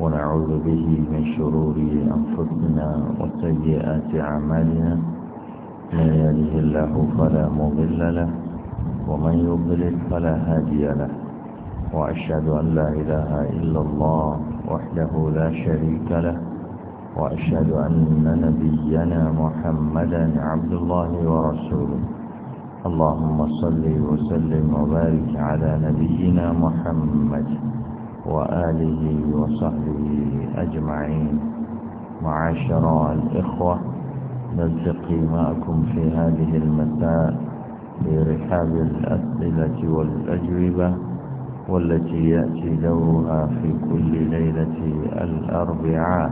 ونعوذ به من شرور أنفسنا وسيئات أعمالنا من يهده الله فلا مضل له ومن يضلل فلا هادي له وأشهد أن لا إله إلا الله وحده لا شريك له وأشهد أن نبينا محمدا عبد الله ورسوله اللهم صل وسلم وبارك على نبينا محمد وآله وصحبه أجمعين معاشر الإخوة نلتقي معكم في هذه المساء لرحاب الأسئلة والأجوبة والتي يأتي دورها في كل ليلة الأربعاء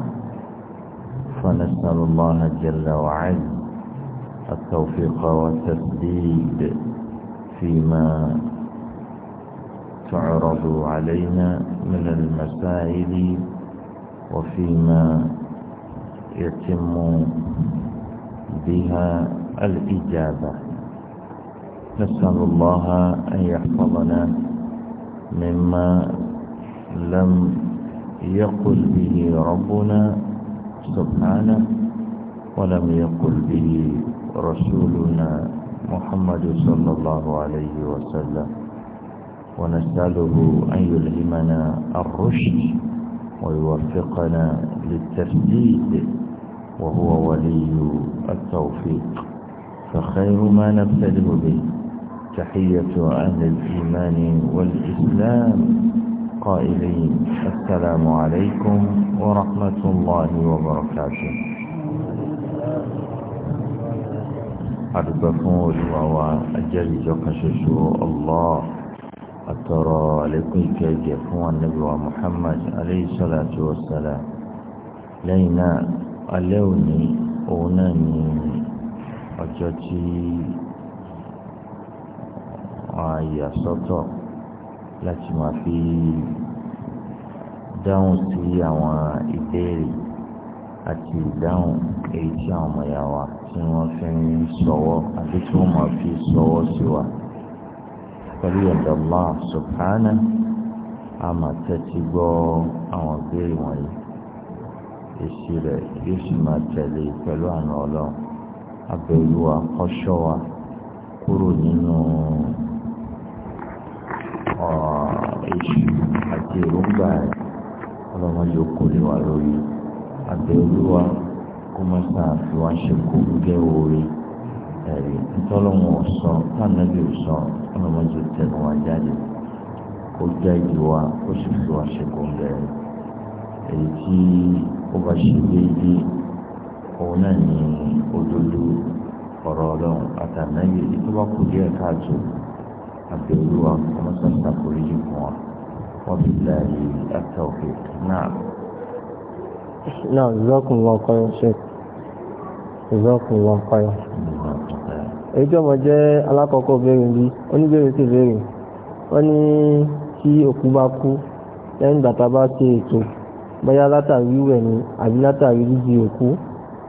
فنسأل الله جل وعلا التوفيق والتسديد فيما تعرض علينا من المسائل وفيما يتم بها الإجابة نسأل الله أن يحفظنا مما لم يقل به ربنا سبحانه ولم يقل به رسولنا محمد صلى الله عليه وسلم ونسأله أن يلهمنا الرشد ويوفقنا للتسديد وهو ولي التوفيق فخير ما نبتدئ به تحية أهل الإيمان والإسلام قائلين السلام عليكم ورحمة الله وبركاته أربكم الله أجل جقشش الله àtọrọ àlékún ìkẹjẹ fún ànábì wa Muhammad aleyhi salatu wa salam lẹ́yìn náà alẹ́ òní òun náà ní ọjọ́ tí wọn yà sọ́tọ̀ láti máa fi dáhùn sí àwọn ìbéèrè àti ìdáhùn èyí tí àwọn ọmọ yà wá tí wọ́n fi ń sọ̀wọ́ àti tí wọ́n máa fi sọ̀wọ́ sí wa pẹ̀lú yọ̀ǹda Allah subhana àmà tẹ́tí gbọ́ àwọn ìbéèrè wọ̀nyí èsì rẹ̀ yóò sì máa tẹ̀lé pẹ̀lú àna ọlọ́run abẹ́olúwa kọ́ṣọ́ wa kúrò nínú èṣù àti èròǹgbà rẹ̀ ọlọ́run yóò kó lè wà lórí abẹ́olúwa kó má sáà fi wá ṣe kó gẹ́ orí ẹ̀rí ntọ́lọ́wọ́n ọ̀sọ́ fáànàbí ọ̀sọ́ ọlọ́mọdé tẹnu wa jáde kó já ìdí wa kó sì fi wá ṣe kóńgẹ́ èyí tí ó bá ṣe déédéé òun náà ní òdodo ọ̀rọ̀ ọlọ́run àtànáyè èyí tó bá kú díẹ̀ káàtó àbẹ̀wò wa ọmọsọ̀tà kórìjì fún wa wọ́n fi láàyè àtàwọ̀fẹ́ náà. náà ìzọ́kùnrin wọn kọ́ ṣe ìzọ́kùnrin wọn kọ́ yọ èyí tí ọmọ jẹ́ alákọ̀ọ́kọ́ béèrè bí oníbèrè sì béèrè wọ́n ní tí òkú bá kú lẹ́yìn ìgbà tá a bá ṣe ètò bóyá látàrí wíwẹ̀ ni àbí látàrí jíjí òkú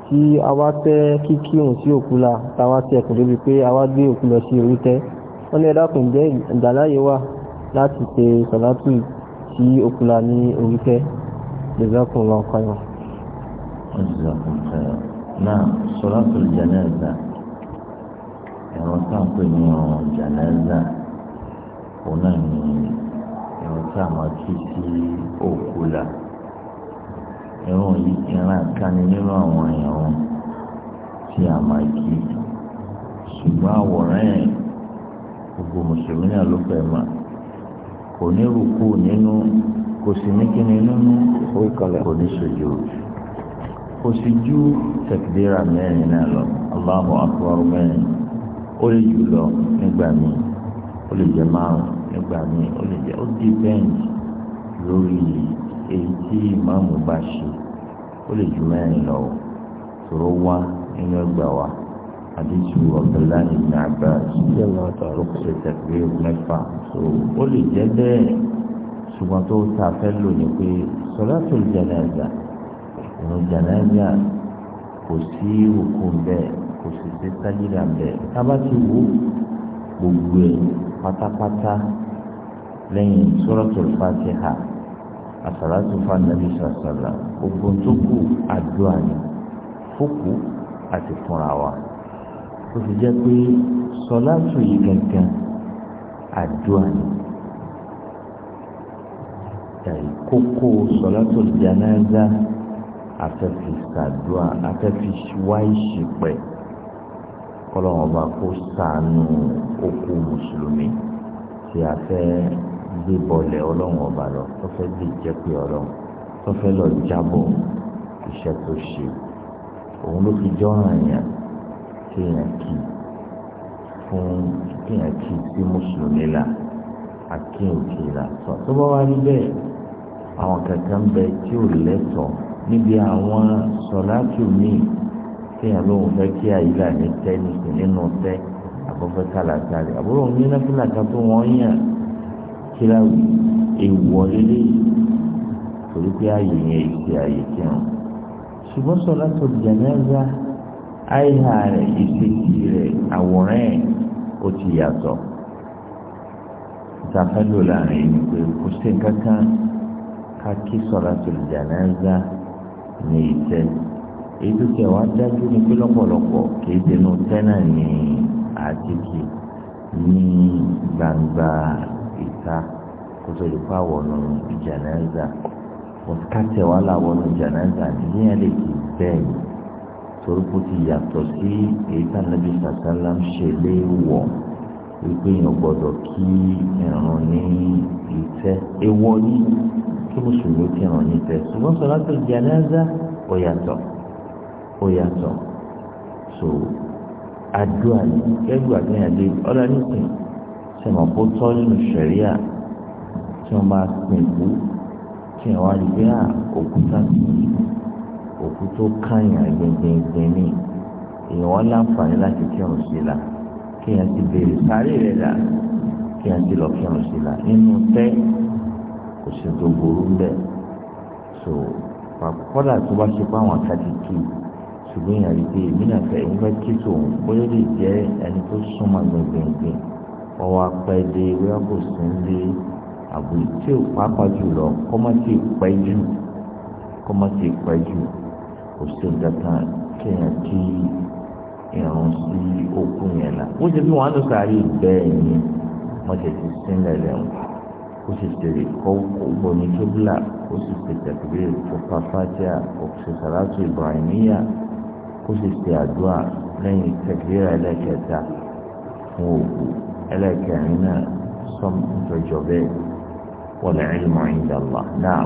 tí a wá tẹ́ kíkí òun sí òkú la tá a wá tẹ́ ẹ̀kùn débi pé a wá gbé òkú lọ sí orí tẹ́ wọ́n ní ẹ̀dákùn jẹ́ ìgbàláyé wà láti ṣe sọ̀látù sí òkú la ní orí tẹ́ lẹ́gbẹ̀kùn lọ́kọ̀ọ́ náà sọ̀látù ẹ̀rọ tá à ń pè ní ọ̀rùn jàǹdáza òun náà ní ẹ̀rọ tá a máa kí sí òkú la ẹ̀rọ yìí ẹ̀rọ àkáni nínú àwọn ẹ̀rọ tí a máa kí ṣùgbọ́n àwòrán ẹ̀ gbogbo mùsùlùmí náà ló fẹ́ mà kò ní rúkú nínú kò sì ní kíni nínú kò ní sojú kò sì ju tẹ̀kídéra mẹ́rin náà lọ Allahu akbar mẹ́rin ó lè jù lọ nígbà míì ó lè jẹ márùn nígbà míì ó lè jẹ ó di bẹ́ǹdì lórí èyí tí ìmáàmù bá ṣe ó lè ju mẹ́rin lọ o sọ̀rọ̀ wá nínú ẹgbà wa àdìsù ọ̀bẹ̀lá ìgbà àgbà ṣíṣe lọ́tọ̀ àrùkùsọ ìtẹ̀gbé mẹ́fà so ó lè jẹ́ bẹ́ẹ̀ ṣùgbọ́n tó ta fẹ́ lò ní pé sọ̀látù jánásà ìrun jánásà kò sí òkú bẹ́ẹ̀ kò sì ṣe sájìdà bẹ́ẹ̀ tábà ti wò gbogbo ẹ̀ pátápátá lẹ́yìn suratul Fatiha àsàlátù fanabi sàṣàlà ogun tó kù àdúrà ni fókù àti fúnra wa ó fi jẹ́ pé sọlátù yìí gangan àdúrà ni tàyí kókó sọlátù jánásà afẹ́fisàdúrà afẹ́fisíwáìsì pẹ̀lú kọ́lọ́wọ́n bá kó sànù òkú mùsùlùmí tí a fẹ́ gbé bọlẹ̀ ọlọ́wọ́n ọba lọ tó fẹ́ lè jẹ́ pé ọlọ́wọ́n tó fẹ́ lọ jábọ̀ iṣẹ́ tó ṣe òun ló fi jọ́ràn yẹn kéèyàn kì fún kéèyàn kì sí mùsùlùmí là akéèké là sọ tó bá wá rí bẹ́ẹ̀ àwọn kankan bẹ tí ò lẹ́tọ̀ọ́ níbi àwọn sọ̀láàtù míì téèyàn lóun fẹ́ kí àyílà ní tẹ́ nìkú nínú tẹ́ àbọ̀fẹ́ kàlàkà rẹ̀ àbúrò ní náfìlà kan tó wọ́n yàn kíláwì èèwọ̀ lélẹ̀ torí pé ààyè yẹn ìṣe ààyè kírun ṣùgbọ́n sọlá tó jẹ̀nẹ́zà àìhà rẹ̀ ìṣèjì rẹ̀ àwòrán ẹ̀ ó ti yàtọ̀ ìtafẹ́lò láàrin ni pé kò sí nǹkan kan ká kí sọlá tó jẹ̀nẹ́zà ní ìtẹ́ èyí tó kẹ wá dájú ni pé lọ́pọ̀lọpọ̀ kìí dẹnu tẹ́nà ní àtìkì ní gbangba ìta kó tó lè pa wọnú ìjànáza kọ́tẹ́ wà láwọnú ìjànáza níyẹn lè kì í bẹ́ẹ̀ torípò ti yàtọ̀ sí èyí tá nàbí sàtàlá ń ṣe léèwọ̀ wípé èèyàn gbọ́dọ̀ kí ìrun ní ìtẹ́ ewọ́ ní kí mùsùlùmí kí ìrun ní ìtẹ́ ṣùgbọ́n sọ̀rọ̀ àti ìjànáza ó yàtọ̀ ó yàtọ̀ so àdúrà yìí kẹ́gbà tó yàn dé ọ̀dà nìkan sẹ̀mọ̀ kó tọ́ nínú sẹ̀ríà tí wọ́n bá pín kú tí wọ́n wá rí pé à ah, òkúta sí òkú tó káyàn gbẹngbẹngbẹng ní èèyàn wọn láǹfààní láti kírun sí la kéèyàn ti béèrè sáré rẹ̀ dà kéèyàn ti lọ kírun sí la nínú tẹ́ kò sì tó burú bẹ́ẹ̀ so kọ́dà tó bá ṣe pé àwọn àkàtì kì í ṣùgbọ́n ìyá rí pé èmi náà fẹ́ ń fẹ́ kí tòun bóyá lè jẹ́ ẹni tó súnmọ́ gbẹ̀ngbẹ̀ngbẹ̀ ọwọ́ apẹ́ dé bóyá kò sí ń lé àbò tí ò pàápàá jùlọ kọ́ má ti pẹ́ jù kọ́ má ti pẹ́ jù kò sí nǹkan kéèyàn kí irun sí okùn yẹn la ó ṣe bí wọn á lọ sáré bẹ́ẹ̀ ni wọ́n ti ti sílẹ̀ lẹ́wọ̀n ó sì tẹ̀lé kọ́ ògbóni kébìlà ó sì tẹ̀lé kó pàfàtìyà ó sì sàrátù Ibrahimiyya. kó sì ṣe àdúrà lẹ́yìn tẹ̀gbéra ẹlẹ́kẹta fún òkú ẹlẹ́kẹrin náà sọ́mùtọ́jọ́ bẹ́ẹ̀ wal ilmu inda Allah náà.